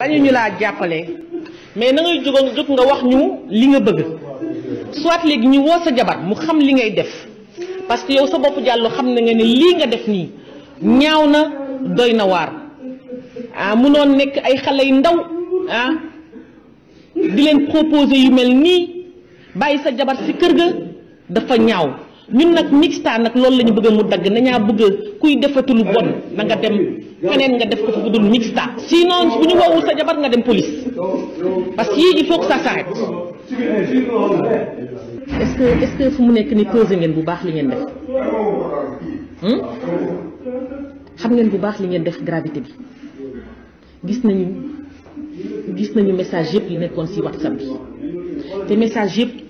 dañu ñu laa jàppale mais na ngay jógoon jóg nga wax ñu li nga bëgg soit léegi ñu woo sa jabar mu xam li ngay def parce que yow sa bopp jàllu xam na nga ne lii nga def nii ñaaw na doy na waar ah munoon nekk ay xale yu ndaw ah di leen proposer yu mel nii bàyyi sa jabar si kër ga dafa ñaaw ñun nag mixta nag loolu la ñu bëgg mu dagg nañaa bëgg kuy defatu lu bon na nga dem feneen nga def ko fa budul mixta sinon bu ñu woowul sa jabar nga dem police parce que yii il faut que ça fu mu nekk ni peser ngeen bu baax li ngeen def hmm? xam ngeen bu baax li ngeen def gravité bi gis nañu gis nañu message yëpp yi nekkoon si WhatsApp bi te message yëpp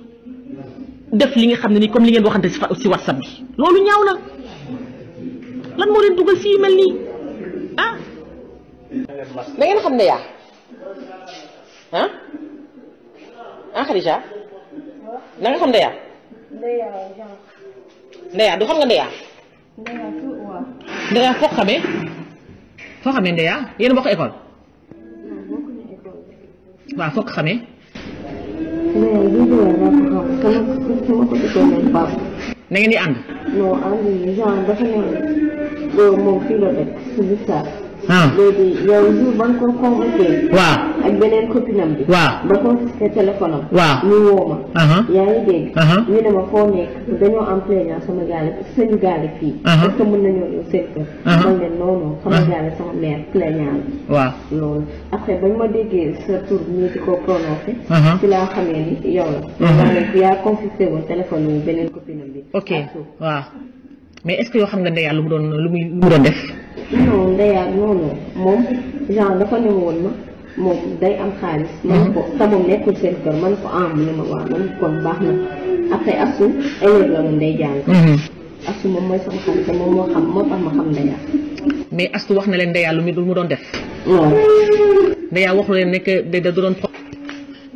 def li nga xam ne nii comme li ngeen waxante si whatsapp bi loolu ñaaw na lan moo leen dugal fii mel nii ah. xam ne ah? Ah, yaa du xam nga ndeyaa. ndeyaa foo xamee foo xamee ndeyaa yéen bokk école. waaw foo xamee. mais bii di leen rek xam sama su na ngeen di ànd. non ànd yi genre dafa ne moom fii la dëkk si biir saa. léegi yow jour ban ko convoqué. waaw. ak beneen copine am bi. waaw ba confisqué téléphone am. waaw ñu woo ma. Uh-huh. yaa ngi dégg. Uh-huh. ñu ne ma foo nekk dañoo am plaignant sama gaale suñu gaale fii. Uh-huh. est que mën nañoo ñëw man leen non sama gaale sama mère plaignant la. loolu après bañ ma déggee sa tur ñu di ko prononcé. ci laa xamee ni yow la. maanaam yaa confisqué woon téléphone bi beneen copine am bi. ok waaw. mais est yoo xam ne ndeyaal lu mu doon lu mu doon def. non ndeyaal non moom genre dafa ne woon ma. moom day am xaalis. man mhm. ko te nekkul seen kër man ko am ah, ma waa man kon baax na après asu élève la moom day jàng. Mhm. asu moom mooy sama ma xam ndeya. mais asu wax na leen ndeya lu mi du mu doon def. waaw. ndeya waxu leen nekk da da doon.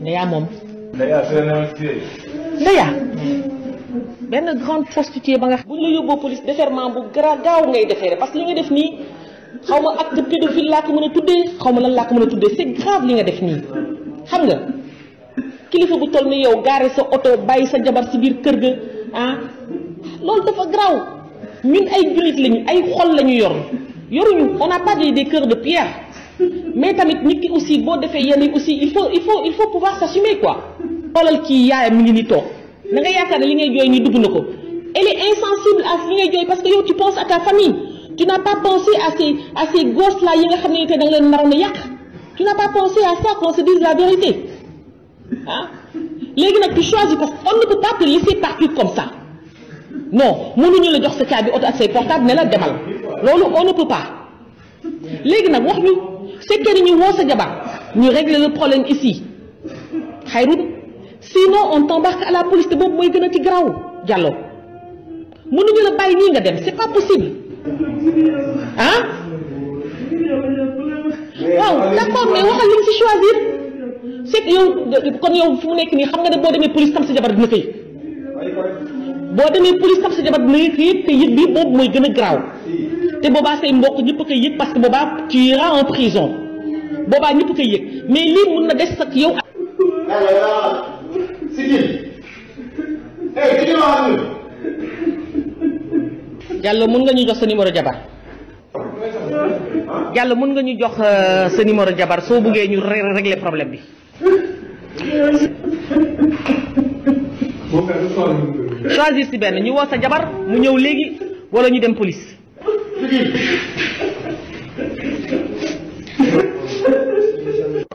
ndeya moom. ndeya ndeya. benn grande prostituée ba nga. bu ñu la yóbboo police déferment bu gara gaaw ngay defeere parce que li nga def nii. xaw ma acte pédophile laa ko mën a tuddee xaw ma lan laa mën a tuddee c'est grave li nga def nii xam nga kilifa bu toll ni yow gaare sa oto bàyyi sa jabar si biir kër ga ah loolu dafa graw ñun ay jullit lañu ay xol la ñu yor yoruñu on n'a pas des cœurs de pierre mais tamit nit ki aussi boo defee yenn aussi il faut il faut il faut pouvoir s'assumer quoi xoolal kii yaayam mi ngi ni toog na nga yaakaar ne li ngay jooy ni dugg na ko elle est insensible à Tu n'as pas pensé à ces, à ces gosses-là, tu n'as pas pensé à ça qu'on se dise la vérité. Hein? tu choisis parce qu'on ne peut pas te laisser partir comme ça. Non, nous ne pas ce cas à ses portables, mais là, on ne peut pas. Maintenant, c'est que nous nous régler le problème ici. Sinon, on t'embarque à la police de Bob Moïgana Tigraou. Diallo. Nous ne pouvons pas C'est pas possible. ah waaw d'accord mais waxal li nga si choisir c'est que yow kon yow fu mu nekk nii xam nga ne boo demee police tam sa jabar dina sëy boo demee police tam sa jabar dina sëy te yëg bi boobu mooy gën a garaaw te boobaa say mbokk ñëpp koy yëg parce que boobaa tu iras en prison boobaa ñëpp a koy yëg mais lii mun na des ak yow. Eh, si Diallo mën nga ñu jox sa numéro jabar Diallo mën nga ñu jox euh, sa numéro jabar soo bëggee ñu régler problème bi. choisir si benn ñu woo sa jabar mu ñëw léegi wala ñu dem police.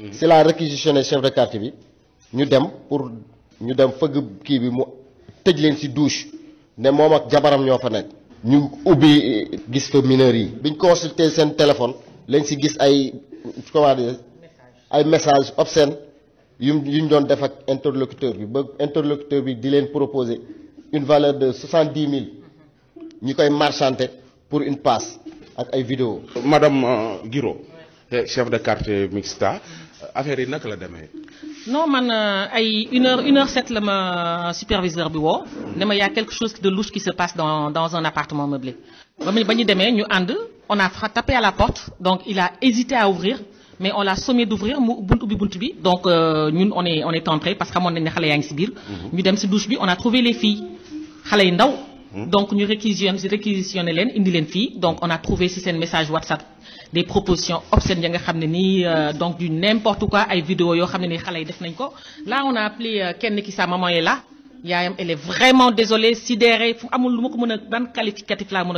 Mhm. C'est la des chef de quartier bi ñu dem pour ñu dem feug ki bi mu tej leen ci douche né Nous ak jabaram ño fa ñu ubi eh, gis fa consulté sen téléphone Nous ci gis ay messages dire ay message obscène yu yuñ doon def ak interlocuteur interlocuteur bi proposer une valeur de 000 Nous avons koy tête pour une passe ak ay vidéo madame euh, Giro chef de quartier mixta affaire yi naka la demee. non man euh, ay une heure une heure sept la ma superviseur bi wo ne y' a quelque chose de louche qui se passe dans dans un appartement meublé. bañu mu ba ñu and on a tapé à la porte donc il a hésité à ouvrir mais on l'a sommé d'ouvrir buntu bi buntu bi donc euh, ñun on est on est entré parce que xamoon nañ ne xale yaa ngi si biir. Mhm. ñu dem ci douche bi on a trouvé les filles xalé ndaw. Hmm? donc ñu réquisitionnons réquisitionné leen indi leen fii donc on a trouvé si un message WhatsApp des propositions obscènes ya nga euh, donc du n'importe quoi ay vidéo yo xamné ni xalé yi def nañ ko là on a appelé euh, Ken ki sa maman est là yayam elle est vraiment désolée sidérée fu amul lu ko ban qualificatif laa mën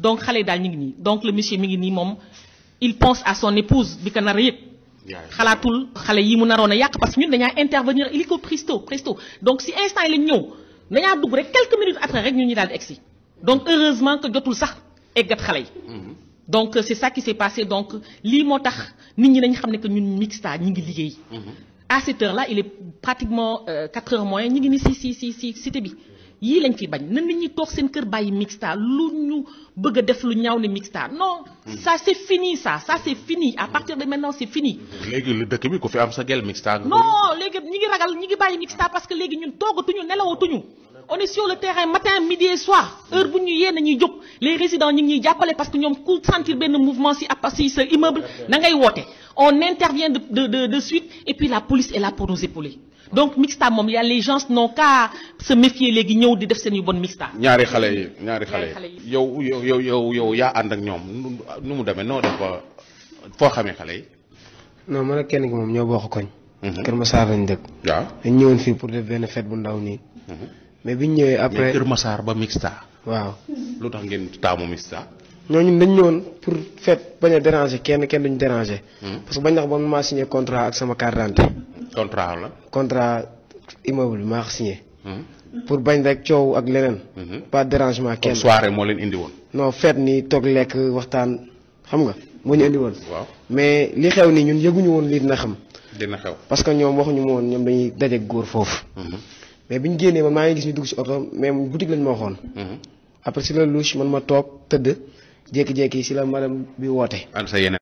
donc xalé yi daal ñu donc le monsieur mingi ni mom il pense à son épouse bi ko nar a yëg xalaatul yi mu narona yak parce que ñun dañaa intervenir illico presto presto donc si instant il est ñëw nañaa dugg rek quelques minutes après rek ñu ñu daal di egsi donc heureusement que jotul sax eggat xale yi. Mhm. donc euh, c' est ça qui s' est passé donc lii moo tax nit ñi nañ xam ne que ñun mixta ñi ngi liggéey. Mhm. à cette heure là il est pratiquement 4 euh, heures moins ñi ngi ni si si si si cité bi. yii lañ fi bañ na nit ñi toog seen kër bàyyi mixta lu ñu bëgg a def lu ñaaw ne mixta non. Mhm. ça c' est fini ça ça c' est fini à partir de maintenant c' est fini. léegi le dëkk bi ku fi am sa gel mixta. non léegi ñi ngi ragal ñi ngi bàyyi mixta parce que léegi ñun toogatuñu nelawatuñu on est sur le terrain matin midi et soir heure les résidents ñu ngi parce que ont avons sentir mouvement si à si immeuble on intervient de de de suite et puis la police est là pour nous épauler donc mixta il y a les gens n'ont qu'à se méfier les ñëw di def yu bon mixta. ñaari yi ñaari yi yow yow yow yow ak non man ak mhm. pour mais biñ ñëwé après Kër Massar ba Mixta. waaw lutax ngeen taamu Mixta. ñu dañ ñëwoon pour fête baña déranger kenn kenn duñ déranger. Hmm. parce que bañ na ko ba man signé contrat ak sama carte d'identité. contrat la. contrat immeuble maa ko signé. Hmm. pour bañ rek ciow ak leneen. Hmm. pas dérangement kenn. soirée mo leen indi won non fête ni tok lek waxtaan xam nga mo ñu indi won waaw mais li xew ni ñun yëguñu won li dina xam. dina xew parce que ñoom waxuñu mo won ñoom dañuy dajé góor fofu mais bi ñu génnee ma maa ngi gis ñu dugg si oto mais boutique lañ ma waxoon. Mhm. après si la louche man ma toog tëdd jékki-jékki si la madame bi woote. ak sa